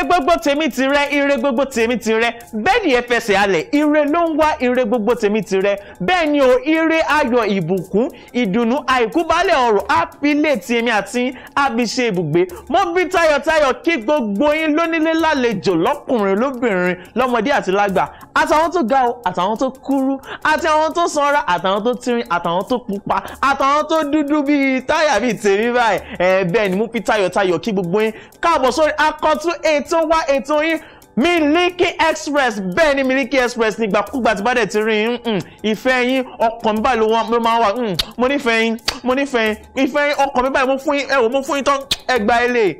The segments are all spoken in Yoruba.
ire gbogbo tèmi ti rẹ ire gbogbo tèmi ti rẹ bẹ́ẹ̀ ni ẹ ire ló ń wá ire gbogbo tèmi ti rẹ bẹ́ẹ̀ o ire ayọ̀ ìbùkún ìdùnnú àìkúbálẹ̀ ọ̀rọ̀ àpilẹ̀ tèmi àti àbíṣe ibùgbé mo bí tayọ̀tayọ̀ kí gbogbo yín lónílé lálejò lọ́kùnrin lóbìnrin lọ́mọdé àti lágbà àtàwọn tó ga o àtàwọn tó kúrú àti àwọn tó sanra àtàwọn tó tirin àtàwọn tó pupa àtàwọn tó dúdú bíi táyà bíi tèmi báyìí ẹ bẹ́ẹ̀ ni mo bí tayọ̀tayọ̀ kí gbogbo yín káàbọ̀ sórí akọ́tún eight ètò wa ètò yín Miliki Express bẹ́ẹ̀ ni Miliki Express ní ìgbàkúgbà tí bá dẹ̀ ti rí yín mm, ìfẹ́ yín ọkàn mi báyìí ló máa wà mm, mo nífẹ̀ẹ́ yín mo nífẹ̀ẹ́ yín ìfẹ́ yín ọkàn mi báyìí mo fún yín tán ẹgbàá eléyìí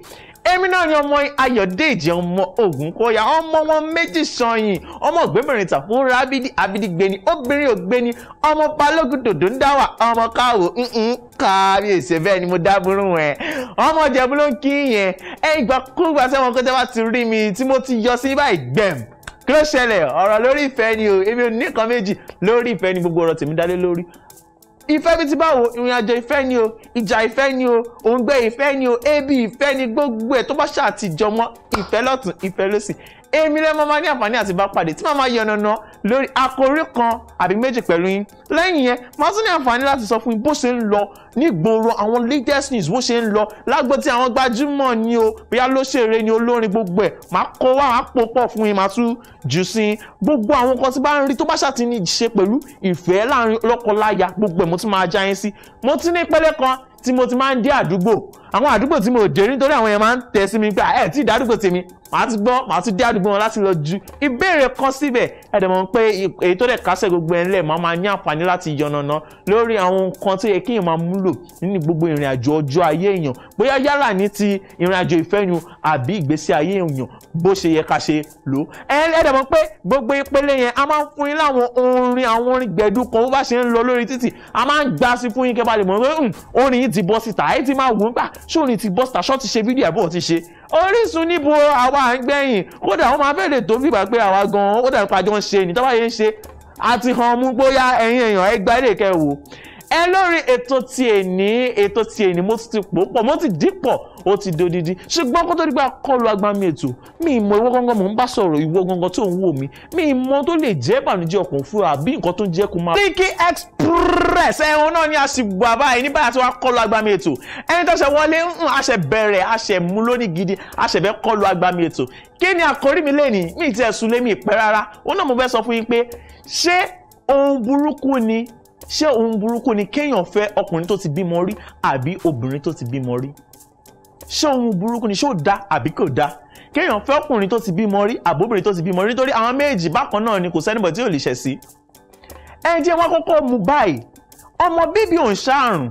èmi náà ni ọmọ ayọ̀dèjì ọmọ ògúnkọ̀yà ọmọ wọn méjì sọyìn ọmọ ògbémìrin tàfúnra abidi abidigbeni obìnrin ògbéni ọmọ balógun dòdò ń dáwà ọmọ káwò ń kábíyèsí bẹ́ẹ̀ ni mo dábúrú ẹ̀ ọmọ jẹ̀bú ló ń kí yẹn ẹ̀ ìgbàkúgbà sẹ́wọ̀n kó tẹ́ bá ti rí mi tí mo ti yọ sí báyìí gbẹ̀m kí ló ṣẹlẹ̀ ọ̀rọ̀ lórí ìfẹ́ ni o èmi ò ní nǹkan méjì lórí ìfẹ́ ni ìfẹ́ bíi ti báwo ìrìn àjò ìfẹ́ ni o ìjà ìfẹ́ ni o òǹgbẹ ìfẹ́ ni o ebi ìfẹ́ ni gbogbo ẹ̀ tó bá ṣàtìjọmọ́ ìfẹ́ lọ́tún ìfẹ́ lọ́sìn èmi lẹ́mọ́ máa ní àǹfààní àti bá pàdé tí màá máa yẹ ọ̀nà lórí àkòrí kan àbí méjì pẹ̀lú yín lẹ́yìn yẹn màá tún ní àǹfààní láti sọ fún yín bó ṣe ń lọ nígboro àwọn latest news bó ṣe ń lọ lágbo tí àwọn gbajúmọ̀ ni o bóyá lóṣèré ni olórin gbogbo ẹ̀ màá kó wá màá pò pọ̀ fún yín màá tún jù sí i gbogbo àwọn nǹkan tí bá ń rí tó bá ṣàtìní ṣe pẹ̀lú ìfẹ́ láàrin lọ́kọláya tí mo ti máa ń dé àdúgbò àwọn àdúgbò tí mo dé nítorí àwọn yẹn máa ń tẹ̀ sí mi pé ẹ̀ tí ìdádúgbò tèmi màá ti gbọ́ màá ti dé àdúgbò wọn láti lọ ju ìbéèrè kan síbẹ̀ ẹ̀ dẹ̀ mọ̀ pé èyí tó dẹ̀ kásẹ̀ gbogbo ẹ̀ ńlẹ̀ máa máa ní àǹfààní láti yànnàná lórí àwọn nǹkan tó yẹ kí èèyàn máa múlò nínú gbogbo ìrìn àjò ọjọ́ ayé èèyàn bóyá yálà ní ti ìrìn àjò ìfẹ́ yun àbí ìgbésí ayé èèyàn bó ṣe yẹ ká ṣe lò ẹ mọ̀ pé gbogbo ìpele yẹn a máa ń fún yín láwọn orin àwọn orin gbẹ̀dú bó bá ṣe ń lọ lórí títì link ti bọ́ síta ẹ ti máa wò ó gbà ṣó link ti bọ́ síta ṣó ti ṣe fídíò ẹ̀ bó ti ṣe Orísun níbo àwa à ń gbẹ̀yìn kódà wọ́n máa fẹ́ẹ́ lè tó fìgbà pé àwa gan-an ó dàbí pàjọ́ ń ṣe ní tábàyè ń ṣe àti hàn mú bóyá ẹ̀yin èèyàn ẹ gba ilé kẹwò ẹ lórí ètò ti èní ètò ti èní mo ti pò pọ̀ mo ti dìpọ̀ ó ti dodidi ṣùgbọ́n kó tó dígbà kọlu agbami ètò mi ìmọ̀ ìwọ gangan mò ń bá sọ̀rọ̀ ìwọ gangan tó ń wò mí mi ìmọ̀ tó lè jẹ́ ìbànújẹ́ ọkàn fún wa bí nǹkan tó ń jẹ́ kó máa. Miliki Express ẹ̀hún náà ni a sì gbọ́ àbá yìí nígbà tí wọ́n kọlu agbami ètò ẹni tó ṣe wọlé ń hmm, àṣẹ bẹ̀rẹ̀ àṣẹ mú lónìí gidi àṣẹ fẹ́ kọlu agbami ètò kí ni àkórí mi lẹ́nìí mi ì tiẹ̀ sùn lé mi ìpẹ́ rárá òun náà mo fẹ́ sọ fún yín pé ṣé ohun burúkú ni ṣé ohun burúkú ni kéèyàn fẹ́ ọkùnrin tó ti bímọ rí àbí obìnrin tó ti bímọ rí ṣé ohun burúkú ni ṣé ó da àbí kò da kéèyàn fẹ́ ọkùnrin tó ti bímọ rí àbóbìnrin tó ti bímọ rí nítorí àwọn méjì bákan náà ni kò sẹ́nìbọ̀ tí ò lè ṣẹ̀ sí. ẹ jẹ́ wá kọ́kọ́ mu báyìí ọmọ bíbí ò ń ṣàrùn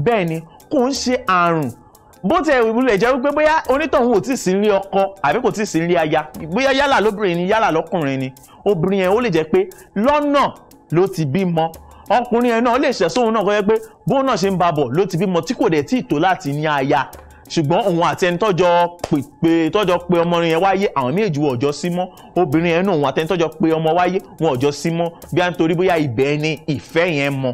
bẹ́ẹ̀ ni kò ń ṣe àrùn bó tẹ ìwúlẹ̀ jẹ́ wípé bóyá onítọ̀hún ò tí ì sí ilé ọkọ àbí kò tí ì sí ilé aya bóyá yálà lóbìnrin ni yálà lọ́kùnrin ni obìnrin yẹn ó lè jẹ́ pé lọ́nà ló ti bímọ ọkùnrin ẹ̀ náà lè ṣẹ̀sóhun náà kọ́yẹ́ pé bóun náà ṣe ń ba bọ̀ ló ti bímọ tí kò dẹ̀ tí ì tó láti ní aya ṣùgbọ́n òun àti ẹni tọ́jọ́ pè tọ́jọ́ pé ọmọrin yẹn wáyé àwọn méjì wọ ọjọ́ sí mọ́ obìnrin yẹn náà òun àti ẹni tọ́jọ́ pé ọmọ wáyé wọn ọjọ́ sí mọ́ bí a ń torí bóyá ibẹ̀ ni ìfẹ́ yẹn mọ́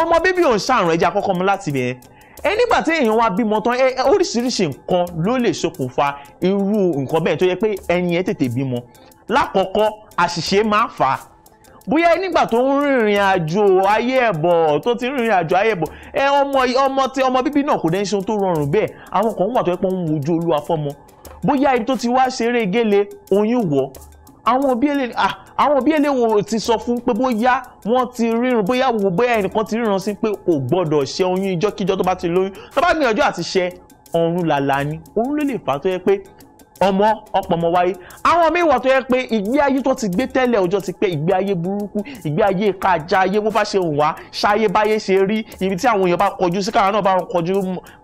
ọmọ bíbí òun ṣàrùn ẹja kọ́kọ́ mu láti bẹ̀ẹ́ ẹ nígbà tí èèyàn wá bímọ tán oríṣiríṣi nǹkan ló lè ṣokùnfà irú nǹkan bẹ́ẹ̀ tó yẹ pé ẹni yẹn tètè bímọ lákọ̀ọ́kọ́ àṣìṣe máa fà á bóyá nígbà tó ń rìnrìn àjò ayé ẹ̀bọ̀ tó ti rìnrìn àjò ayé ẹ̀bọ̀ ẹ ọmọ ọmọ tí ọmọ bíbí náà kò dẹ́n ṣe ohun tó rọrùn bẹ́ẹ̀ àwọn kan wà tó yẹ pé ń wojú olúwa fọ́mọ bóyá ibi tó ti wá ṣeré gélé oyún wọ̀ àwọn òbí ẹlẹ́ wo ti sọ fún pé bóyá wọ́n ti rírun bóyá wò bóyá ẹnìkan ti ríran sí pé kò gbọ́dọ̀ ṣe oyún ìjọ́kíjọ́ tó bá ti lóyún tó bá gbìyànjú àti ṣe ọ̀run làlà ni òun ló lè fà á tó yẹ pé ọmọ ọpọmọ wáyé àwọn míì wà tó yẹ pé ìgbé ayé tó ti gbé tẹ́lẹ̀ ọjọ́ ti pẹ́ ìgbé ayé burúkú ìgbé ayé kájà ayé bó bá ṣe ń wá ṣáyé báyé ṣe rí ibi tí àwọn èèyàn bá kọjú sí káwọn náà bá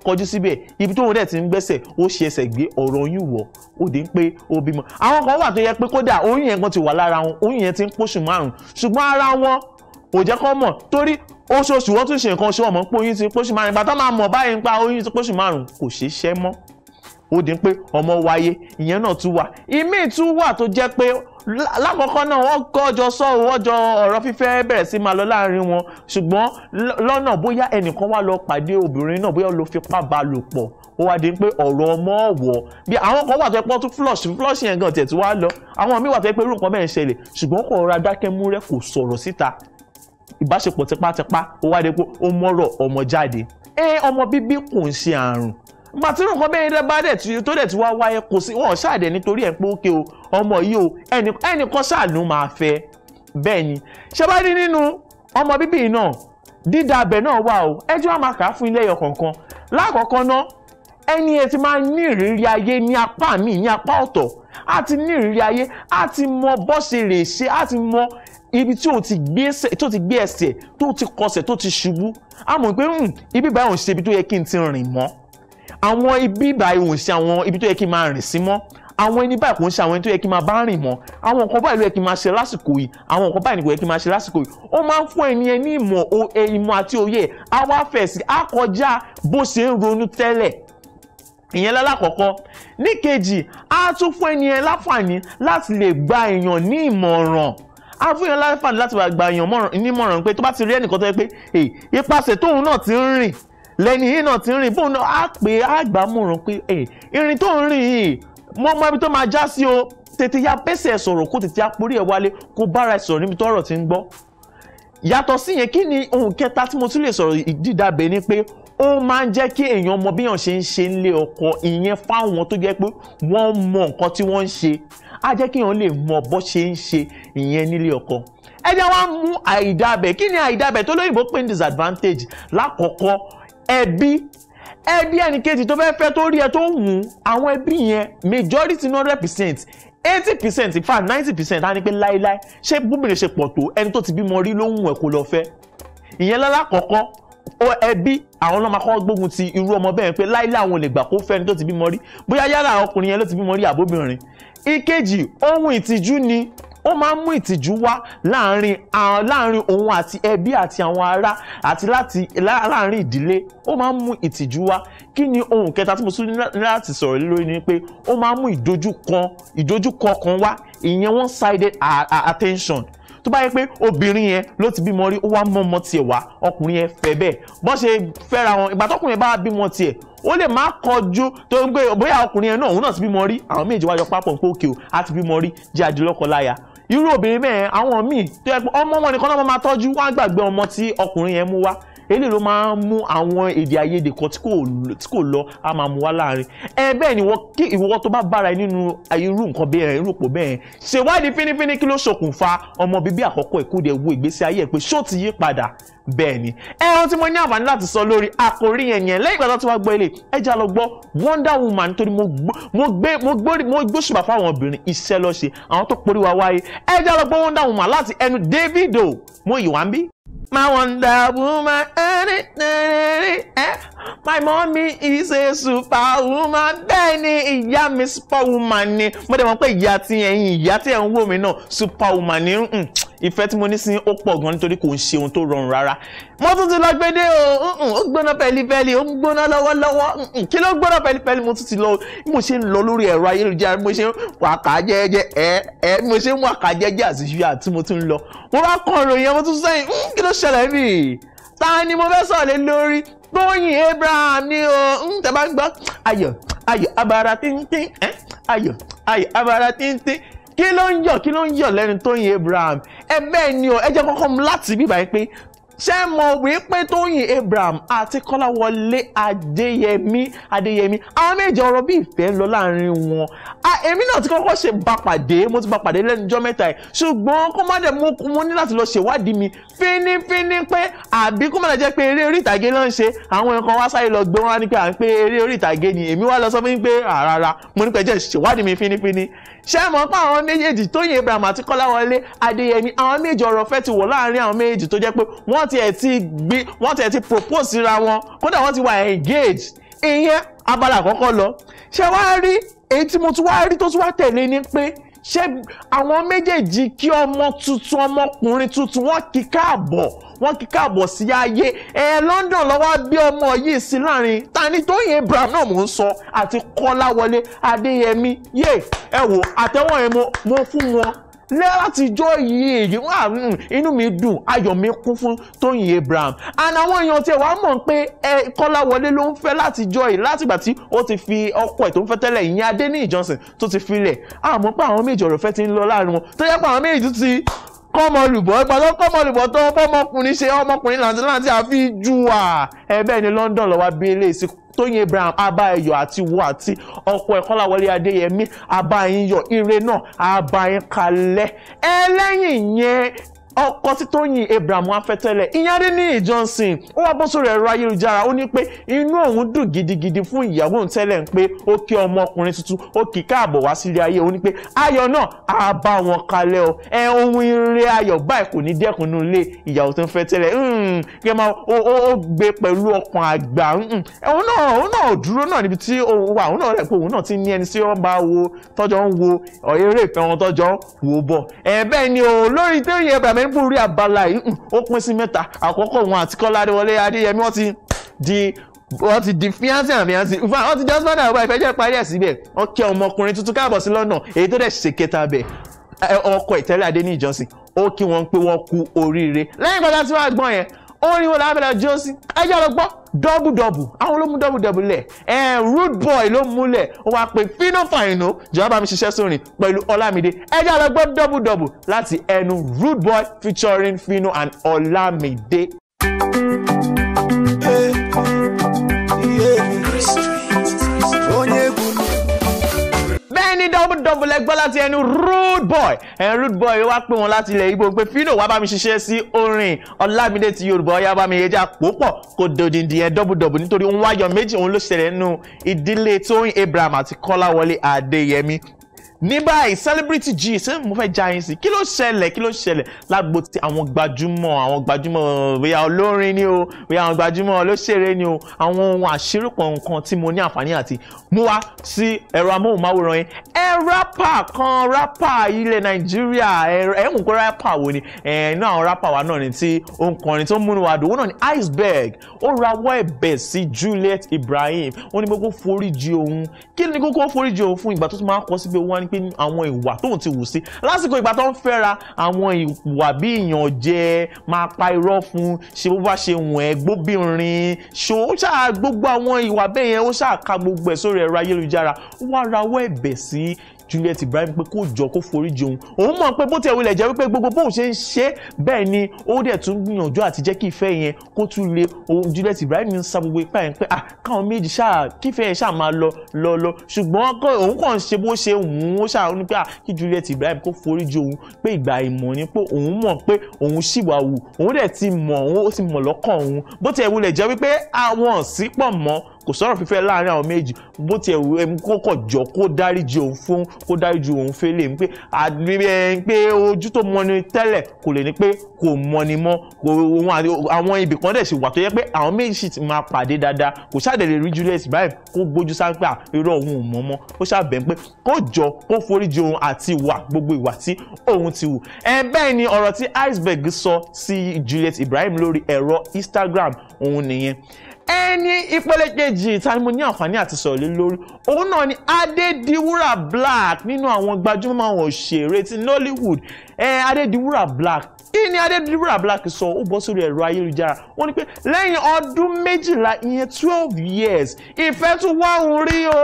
kọjú síbẹ̀ ibi tóun dẹ̀ ti ń gbẹ́sẹ̀ ó ṣe ẹsẹ̀ gbé ọ̀rọ̀ oyún wọ̀ ó ń pé ó bímọ àwọn kan wà tó yẹ pé kódà oyún yẹn gan ti wà lára ó di pé ọmọ wáyé ìyẹn náà tún wà ìmíì tún wà tó jẹ́ pé lákọ̀ọ́kọ́ náà wọ́n kọ́jọ sọ ọjọ́ ọ̀rọ̀ fífẹ́ bẹ̀rẹ̀ sí máa lọ láàrin wọn ṣùgbọ́n lọ́nà bóyá ẹnìkan wá lọ pàdé obìnrin náà bóyá ló fipá bá lò pọ̀ ó wá di pé ọ̀rọ̀ ọmọ ọ̀wọ̀ bí àwọn kan wà tó pọ́ tún flush flush yẹn gan tiẹ̀ tí wàá lọ àwọn míì wà tó pé irú nǹkan bẹ́ẹ̀ ń ṣẹlẹ̀ ṣùgbọ́n kò rọra dákẹ́ múrẹ́ kò sọ̀rọ̀ síta ìbáṣepọ̀ tipátipá ó wá di pé ó mọ́rọ̀ ọmọ jáde ẹ ọmọ bíbí kò ń ṣe àrùn màtírù nǹkan bẹ́ẹ̀ dẹ́ bá dẹ̀ tí tó dẹ̀ tí wá wáyé kò sí wọn ṣáàdé nítorí ẹ̀ pé ókè o ọmọ yìí o ẹnìkan ṣàánú máa fẹ́ bẹ́ẹ̀ ni ṣe bá ní nínú ọmọ bíbí náà dídá abẹ náà wà o ẹ jẹ́ wàá máa kà á fún ilé ẹyọ kọ̀ọ̀kan lákọ̀ọ́kọ́ náà ẹni ẹ ti máa ní ìrírí ayé ní apá mi ní apá ọ̀tọ̀ á ti ní ìrírí ayé á ti mọ bó ṣe lè ṣe á ti mọ ibi tí o ti gbé ẹsẹ̀ tó ti kọsẹ̀ tó ti ṣubú á mọ̀ pé hmm, ibi báyìí ò ń ṣe ibi tó yẹ kí n ti rìn mọ́ àwọn ibi báyìí ò ń àwọn ibi tó yẹ kí n máa rìn sí mọ́ àwọn ẹni báyìí kò ń ṣe àwọn ẹni tó yẹ kí n máa bá rìn mọ́ àwọn nǹkan báyìí ló yẹ kí n máa ṣe lásìkò yìí àwọn nǹkan báyìí kò yẹ kí n máa ṣe lásìkò yìí ó máa ń fún ẹni ẹ ní ìmọ̀ òye ìmọ̀ àti òye àwa fẹ̀sì á kọjá bó ṣe ń ronú tẹ́lẹ̀ ìyẹn lálákọ̀ọ́kọ́ ní kejì á tún fún ẹni ẹ láǹfààní láti lè gba èèyàn ní ìmọ̀ràn á fún èèyàn láǹfààní láti gba èèyàn nímọ̀ràn pé tó bá ti rí ẹnìkan tó yẹ pé ipasẹ̀ tóun náà ti ń rìn lẹ́ni yìí náà ti rìn bóun náà á pè á gbà múrun pé ìrìn tó ń rìn yìí mo mọ ibi tó máa já sí o tètè ya bẹ́sẹ̀ sọ̀rọ̀ kó tètè ya porí ẹ̀ wálé kó bára ẹ̀ sọ̀rọ̀ níbi tọ́rọ̀ ti ń gbọ́ yàtọ̀ sí yẹn kí ni ohun kẹta tí mo tún lè sọ̀rọ̀ ìdídàbẹ̀ ni pé ó máa ń jẹ́ kí èèyàn mọ bí èèyàn ṣe ń ṣe nílé ọkọ ìyẹn fáwọn tó jẹ́ pé wọ́n mọ nǹkan tí wọ́n ń ṣe á jẹ́ kí èèyàn lè mọ bó ṣe ń ṣe ìyẹn nílé ọkọ ẹ jẹ́ wá mú àìdàbẹ̀ kí ni àìdàbẹ̀ tó lóyìnbó pé ní disadvantage lákọ̀ọ́kọ́ ẹbí ẹbí ẹnìkejì tó fẹ́ẹ́ fẹ́ tó rí ẹ tó ń wù ú àwọn ẹbí yẹn majority no represent eighty percent in fact ninety percent á ní pé láéláé ṣé bóbìnrin ṣe pọ̀ tó ẹni tó ti bímọ rí ló ń wù ẹ̀ kó lọ fẹ́ ìyẹn lálákọ̀ọ́kọ́ ẹbí àwọn ọlọ́mọ akọ́ gbógun ti irú ọmọ bẹ́ẹ̀ pé láíláí àwọn olè gbà kó fẹ́ni tó ti bímọ rí bóyá yálà ọkùnrin yẹn ló ti bímọ rí àbóbìnrin ìkejì ohun ìtìjú ni ó máa ń mú ìtìjú wá láàárín láàárín òun àti ẹbí àti àwọn ará àti láti láàárín ìdílé ó máa ń mú ìtìjú wá kí ni ohun kẹta tí mo tún ní láti sọ̀rọ̀ lórí ni pé ó máa ń mú ìdojúkan ìdojúkan kan wá ìyẹn one sided attention tó bá yẹ pé obìnrin yẹn ló ti bímọ rí ó wá mọ ọmọ tiẹ̀ wá ọkùnrin yẹn fẹ́ bẹ́ẹ̀ bọ́n ṣe fẹ́ra wọn ìgbà tọkùnrin yẹn bá bímọ tiẹ̀ ó lè má kọjú tó ń gbé bóyá ọkùnrin yẹn náà òun náà ti bímọ rí àwọn méjì wájọ pápọ̀ pé òkè o á ti bímọ rí jẹ́ àdìlọ́kọ láya irú obìnrin mẹ́ẹ̀ àwọn míì tó yẹ pé ọmọ wọn nìkan náà máa tọ́jú wọn á gbàgbé ọmọ tí ọkùnrin yẹn mú wá eléyìí ló máa ń mú àwọn èdè àìyedè kan tí kò lọ a máa mú wá láàrin ẹ bẹ́ẹ̀ ni ìwọ tó bá bára ẹ nínú irú nǹkan bẹ́ẹ̀ irú òpó bẹ́ẹ̀ ṣèwádìí fínífíní kí ló ṣokùnfà ọmọ bíbí àkọ́kọ́ ìkúdẹ̀ wo ìgbésí ayé ẹ̀ pé ṣó ti yí padà bẹ́ẹ̀ ni ẹ̀rọ tí mo ní àǹfààní láti sọ lórí àkòrí yẹn yẹn lẹ́yìn ìgbà tó ti wá gbọ́ ilé ẹja lọ gbọ́ Wonder Woman nítorí mo gbé mo gbórí mo gbóṣùbà fáwọn obìnrin iṣẹ́ lọ́ṣe àwọn tó porí wa wáyé ẹja lọ gbọ́ Wonder Woman láti ẹnu Davido mo yìí wá ń bí. My wonder woman, eh, eh, eh, my mommy is a super woman, ni ìyá mi superwoman ni. Mo dẹ̀ mọ̀ pé ìyá tí ẹ̀yin ìyá tí ẹ̀ ń wò mí náà superwoman ni ìfẹ́ tí mo ní sí ó pọ̀ gan nítorí kò ń ṣe ohun tó rọrùn rárá mo tún ti lọ gbé dé o ó gbóná pẹ̀lípẹ̀lí ó ń gbóná lọ́wọ́lọ́wọ́ kí ló gbóná pẹ̀lípẹ̀lí mo tún ti lọ mo ṣe ń lọ lórí ẹ̀rọ ayélujára mo ṣe ń wàkà jẹ́jẹ́ ẹ ẹ mo ṣe ń wàkà jẹ́jẹ́ àṣìṣe tí mo tún lọ mo bá kàn ròyìn mo tún sẹ́yìn mm, kí ló ṣẹlẹ̀ mí ta ni mo fẹ́ sọ̀lẹ̀ lórí Tóyìn Abraham ni o mm, ń gbọ́ ayọ̀ ayọ̀ abara tíntín ayọ̀ ayọ̀ abara tíntín kí ló ń yọ̀ kí ló ń yọ̀ lẹ́nu Tóyìn Abraham ẹ bẹ́ẹ̀ ni o ẹ jẹ́ kọ́kọ́ mu láti bíbá yìí pé ṣé mọ̀ wípé Tóyìn Abraham àti Kọ́láwọlé Adéyẹmí Adéyẹmí àwọn méje ọ̀rọ̀ bí ìfẹ́ ń lọ láàrin wọn èmi náà ti kọ́kọ́ ṣe bá pàdé mo ti bá pàdé lẹ́nu ọjọ́ mẹ́ta yìí ṣùgbọ́n kó má dẹ̀ mo ní láti lọ ṣèwádìí mi fínífíní pé àbí kó má dẹ̀ jẹ́ pé eré orí ìtàgé náà ń ṣe àwọn nǹkan wá sáré lọ gbé wọn wá ní pé à ń pé eré orí ìtàgé ni èmi wá lọ sọ fún mi pé àràrà mo ní pẹ́ jẹ́ ṣèwádìí mi fínífíní ṣé mọ̀ pé àwọn méjèèjì Tóyìn Abraham àti Kọ́láwọlé Adéyẹmí àwọn méjì ọ̀rọ̀ fẹ́ ti wọ̀ láàrin àwọn méjèèjì tó jẹ́ pé wọ́n tiẹ̀ ti gbé wọ́n tiẹ̀ ti propose síra wọn kódà wọ́n ti wà engaged ìyẹn abala àkọ́kọ́ lọ ṣé wàá rí èyí tí mo tún wá rí tó tún wá tẹ̀lé ni pé ṣé àwọn méjèèjì kí ọmọ tuntun ọmọkùnrin tuntun wọ́n kí káàbọ̀ wọ́n kí káàbọ̀ sí ayé ẹ London lọ́wọ́ bí ọmọ yìí sí láàrin Tani Tóyìn Abraham náà mò ń sọ àti Kọ́láwọlé Adéyẹmí yé ẹ wò àtẹ́wọ́ yẹn mo fún wọn látijọ́ yìí èyí wà hmm, inú mi dùn ayọ̀ mi kún fún Tóyìn Abraham and àwọn èèyàn tiẹ̀ wá mọ̀ pé ẹ Kọ́láwọlé ló ń fẹ́ látijọ́ yìí látìgbà tí ó ti fi ọkọ ẹ̀ tó ń fẹ́ tẹ́lẹ̀ ìyẹn Adéníyì Johnson tó ti filẹ̀ àmọ́ pé àwọn méjì ọ̀rọ̀ fẹ́ ti ń lọ láàrin wọn tó yẹ pé àwọn méjì ti kọmọlùbọ ìpàdé kọmọlùbọ tó ọmọkùnrin ṣe ọmọkùnrin làǹtí làǹtí àfi jù à ẹ bẹ́ẹ̀ ni London lọ wá bí eléyìí sí tóyìn abraham abá ẹyọ àti wo àti ọkọ ẹ kọ́láwọlé adéyẹmí abá yín yọ ire náà abá yín kalẹ̀ ẹlẹ́yìn yẹn ọkọ tí Tóyìn Abraham afẹ́tẹ́lẹ̀ ìyáde ní Johnson ó wá bọ́ sórí ẹ̀rọ ayélujára ó ní pé inú òun dùn gidigidi fún ìyàwó òun tẹ́lẹ̀ ń pé ó kí ọmọkùnrin tuntun ó kì í káàbọ̀ wá sílé ayé ó ní pé ayọ̀ náà á bá wọn kalẹ̀ o ẹ ohun ire ayọ̀ báyìí kò ní dẹ́kun nínú ilé ìyàwó tó ń fẹ́ tẹ́lẹ̀ hmm, kí ẹ máa ó gbé pẹ̀lú ọkàn àgbà hmm, òun náà òun náà dúró náà níbi tí òun wà òun náà rẹ̀ pé òun náà ti ní ẹni tí ó bá wo tọ́jọ́ ń wo eré ìfẹ́ wọn tọ́jọ́ wò bọ̀ ẹ̀ bẹ́ẹ̀ ni o lórí Tóyìn Abraham àtẹ̀gùn rí abala yìí hmm, ó pín sí mẹ́ta àkọ́kọ́ wọn àti Kọ́ládéwọlé Adéyẹmí wọ́n ti di wọ́n ti di fiancé and fiancé nfa wọ́n ti just man and wife ẹjẹ́ parí ẹ̀ síbẹ̀ wọ́n kí ọmọkùnrin tuntun káàbọ̀ sí London èyí tó dẹ̀ ṣe kẹta bẹ̀ ọkọ ìtẹ́lẹ̀ Adé ní ìjọsìn ó kí wọn pé wọ́n kú oríire lẹ́yìn kan láti wá gbọ́n yẹn ó rí wọn lábẹ́lẹ̀ jọ́sìn ẹjẹ́ lọ gbọ́ double, dọ́bù àwọn ló mú double double lẹ̀ ẹ̀ẹ́n rude boy ló múlẹ̀ ó wáá pe fino fàìnà jọ̀wọ́ bá mi ṣiṣẹ́ sórin pẹ̀lú ọlámídé ẹjẹ́ àlọ́gbọ́ dọ́bù dọ́bù láti ẹnu rude boy featuring fino and Olamide. Hey. lọ́bùlẹ̀ gbọ́ láti ẹnu rude boy ẹ̀n rude boy wá pé wọn láti ilẹ̀ Ìgbò pé fino wá bá mi ṣiṣẹ́ sí orin Ọlámídé ti Yorùbá ọ̀yá bá mi ẹja pòpọ̀ kò dòdìndì yẹn dọ́bùdọ́bù nítorí wọn wáyọ̀ méjì òun ló ṣẹlẹ̀ nínú ìdílé Tóyìn Abraham àti Kọ́láwọlé Adéyẹmí ní báyìí celebrity G, ṣé mo fẹ́ já yín sí kí ló ṣẹlẹ̀ kí ló ṣẹlẹ̀ lágbo ti àwọn gbajúmọ̀ àwọn gbajúmọ̀ bóyá olórin ni o bóyá àwọn gbajúmọ̀ olóṣèré ni o àwọn ohun àṣírùpọ̀ nǹkan tí mo ní àǹfààní àti mú wá sí ẹ̀rọ amóhùnmáwòrán yẹn ẹ rapa kan rápà ilẹ̀ nàìjíríà ẹ ń kó rápà wo ni ẹ inú àwọn rápà wa náà ni tí ó tó ń múnú wa dùn òun náà ni Iceberg ó rawọ́ ẹ̀bẹ̀ Juliet Ibrahim ó ní gbogbo foríjì òun ni gbogbo foríjì òun fún ìgbà tó tún máa kọ pé àwọn ìwà tóun ti wù sí lásìkò ìgbà tó ń fẹ́ra àwọn ìwà bí ìyànjẹ máa pa irọ́ fún ṣe bó bá ṣe wọ̀n ẹ́ gbóbìnrin ṣó ṣáà gbogbo àwọn ìwà bẹ́ẹ̀ yẹn ó ṣáà ka gbogbo ẹ̀ sórí ẹ̀rọ ayélujára wá rawọ́ ẹ̀bẹ̀ sí Juliet Ibrahim pé kó jọ kó forí jì òun òun mọ̀ pé bó tiẹ̀ wulẹ̀ jẹ́ wípé gbogbo bóun ṣe ń ṣe bẹ́ẹ̀ ni ó dẹ̀ tún gbìyànjú àti jẹ́ kí ìfẹ́ yẹn kó tún le òun Juliet Ibrahim ń sa gbogbo ipá yẹn pé ah káwọn méjì ṣáà kífẹ́ yẹn ṣáà máa lọ lọ lọ ṣùgbọ́n òun kàn ń ṣe bó ṣe òun ó ṣáà ní pé ah kí Juliet Ibrahim kó forí jì òun pé ìgbà ìmọ̀ ni pé òun mọ̀ pé òun ṣì wà wù òun dẹ̀ ti mọ̀ òun ó ti mọ̀ lọ́kàn òun bó tiẹ̀ wulẹ̀ jẹ́ wípé àwọn ò sí pọ̀ mọ́ kò sọ̀rọ̀ fífẹ́ láàrin àwọn méjì bó tiẹ̀ wù ẹ́ kó kọ̀ jọ kó dáríji òun fún kó dáríji òun fẹ́lẹ̀ ń pé àbíbẹ̀ ń pé ojú tó mọni tẹ́lẹ̀ kò lè ní pé kò mọni mọ́ àwọn ibì kan dẹ̀ sì wà tó yẹ pé àwọn méjì sì ti máa pàdé dáadáa kò sáàdẹ̀ lè rí Julius báyìí kó gbójú sáńpé à irọ́ òun ò mọ́ mọ́ ó sábẹ̀ ń pé kó jọ kó foríji òun àti ìwà gbogbo ìwà tí òun ti wù bẹ́ẹ̀ ni ọ̀rọ̀ tí Iceberg sọ sí Julius Ibrahim lórí ẹ̀rọ Instagram òun nìyẹn ẹni ìpele kejì ta ni mo ní àǹfààní àti sọ̀rọ̀ lé lórí òun náà ni Adédiwúrà Black nínú àwọn gbajúmọ̀ àwọn òṣèré ti Nollywood ẹ Adédiwúrà Black kí ni adédúrà black sọ ó bọ́ sórí ẹ̀rọ ayélujára ó ní pé lẹ́yìn ọdún méjìlá ìyẹn twelve years ìfẹ́ tún wá òun rí o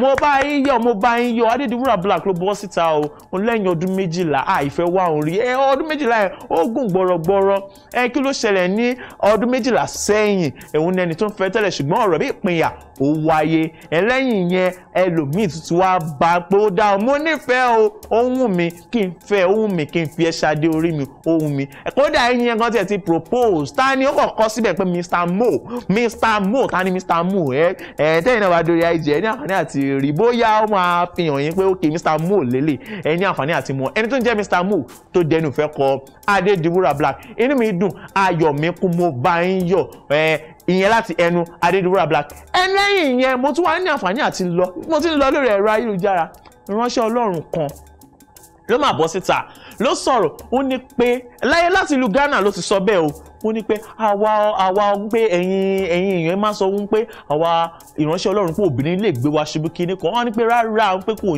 mo bá yín yọ̀ mo bá yín yọ̀ adédúrà black ló bọ́ síta o ó lẹ́yìn ọdún méjìlá à ìfẹ́ wá òun rí ẹ ọdún méjìlá ẹ ó gùn gbọ́rọ̀gbọ́rọ̀ ẹ kí ló ṣẹlẹ̀ ní ọdún méjìlá sẹ́yìn ẹ̀hún ẹni tó ń fẹ́ tẹ́lẹ̀ ṣùgbọ́n ọ̀rọ̀ bí ìpínyà ó wáyé ẹlẹ́yìn yẹn ẹlòmíì tuntun wá bá pé ó dá ọ mo nífẹ̀ẹ́ o ohun mi kí n fẹ́ ohun mi kí n fi ẹ́ ṣadé orí mi ohun mi kódà ẹ̀yìn yẹn kan tiẹ̀ ti propose ta ni ó kàn kọ́ síbẹ̀ pé Mr Mo Mr Mo ta ni Mr Mo ẹ ẹ tẹ́yìn náà bá dórí IG ẹ ní àǹfààní àti rí bóyá ó máa fi hàn yín pé ok Mr Mo lélẹ̀ ẹ ní àǹfààní àti mọ̀ ẹni tó ń jẹ́ Mr Mo tó dẹnu fẹ́ kọ Adédìwúrà Black inú mi dùn ayọ̀ mi kún mo bá ń yọ̀ ẹ ìyẹn láti ẹnu Adédìwúrà Black ẹlẹ́yìn ìyẹn mo tún wá ní àǹfààní àti lọ mo ti ń lọ lórí ẹ̀rọ ayélujára ìránṣẹ́ Ọlọ́run kan ló máa bọ́ síta ló sọ̀rọ̀ ó ní pé láyé láti ìlú Ghana ló ti sọ bẹ́ẹ̀ o mo ní pé àwa àwa pé ẹ̀yin ẹ̀yin èèyàn máa sọ wọn pé àwa ìránṣẹ́ Ọlọ́run pé obìnrin lè gbé wa ṣubú kínní kan wọ́n ní pé rárá pé kò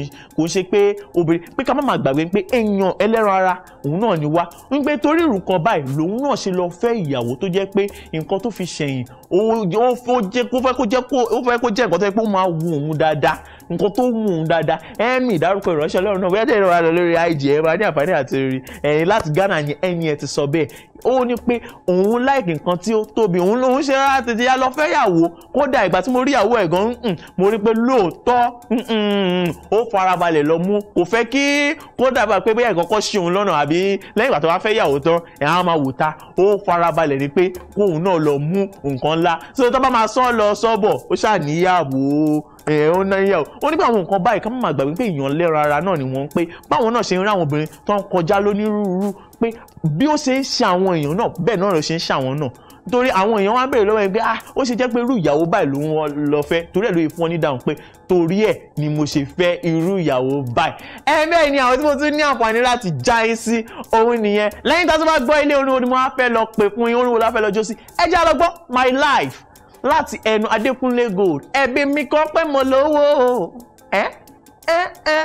ń ṣe pé obìnrin pé ká má má gbàgbé pé èèyàn ẹlẹ́ran ara òun náà ni wá ń pé torí irú kan báyìí lòun náà ṣe lọ fẹ́ ìyàwó tó jẹ́ pé nǹkan tó fi ṣẹ̀yìn ó fẹ́ kó jẹ́ nǹkan tó yẹ pé ó máa wù òun dáadáa nǹkan tó wù òun dáadáa ẹ̀mí ìdárúkọ ìránṣẹ́ Ọlọ́run náà bóyá tẹ̀lé wa lọ lórí IG ẹ̀ máa ní àǹfààní àti rí ẹ̀yìn láti Ghana ni ẹ̀yìn ẹ̀ ti sọ bẹ́ẹ̀ ó ní pé òun láìkì nǹkan tí ó tóbi òun lòun ṣe rárá tètè yá lọ fẹ́ yàwó kódà ìgbà tí mo rí ìyàwó ẹ̀ gan hmm, mo rí pé lóòótọ́ hmm, hmm, ó farabalẹ̀ lọ mú kò fẹ́ kí kódà bá pé bóyá ìkọ́kọ́ ṣe òun lọ́nà àbí lẹ́yìn ìgbà tó bá fẹ́ yàwó tán ẹ̀ á máa wò ta ó farabalẹ̀ ni pé kóun náà lọ mú nǹkan ńlá so tó bá máa sán lọ sọ́bọ̀ ó ṣàníyàwó ẹ ó náà yẹ ó nígbà àwọn nǹkan báyìí ká má má gbàgbé pé èèyàn lẹ́ra náà ni wọ́n ń pé báwọn náà ṣe ń rí àwọn obìnrin tó ń kọjá lónírúurú pé bí ó ṣe ń ṣe àwọn èèyàn náà bẹ́ẹ̀ náà ló ṣe ń ṣe àwọn náà nítorí àwọn èèyàn wá béèrè lọ́wọ́ ẹ pé ah ó ṣe jẹ́ pé irú ìyàwó báyìí ló ń lọ fẹ́ torí ẹ̀ ló fún ọ ní dáhùn pé torí ẹ̀ ni mo ṣe fẹ́ irú ìyàwó báyìí. ẹ bẹ́ẹ̀ ni àwọn tí mo tún ní àǹfààní láti já yín sí òun nìyẹn lẹ́yìn tá a tún bá gbọ́ ilé orin wo ni mo wá fẹ́ lọ pè fún yín orin wo la fẹ́ lọ jó sí ẹ jẹ́ àlọ́ gbọ́ my life láti ẹnu Adékúnlé Gold ẹ̀bi mi kọ́ pé mo lówó ẹ ẹ ẹ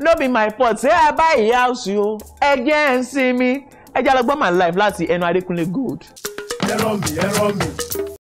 no be my fault. Say I buy ìyá house, o again see me. ń sinmi ẹ jẹ́ lọ my life láti ẹnu Adékúnlé Gold. ẹ rọ mi ẹ rọ mi.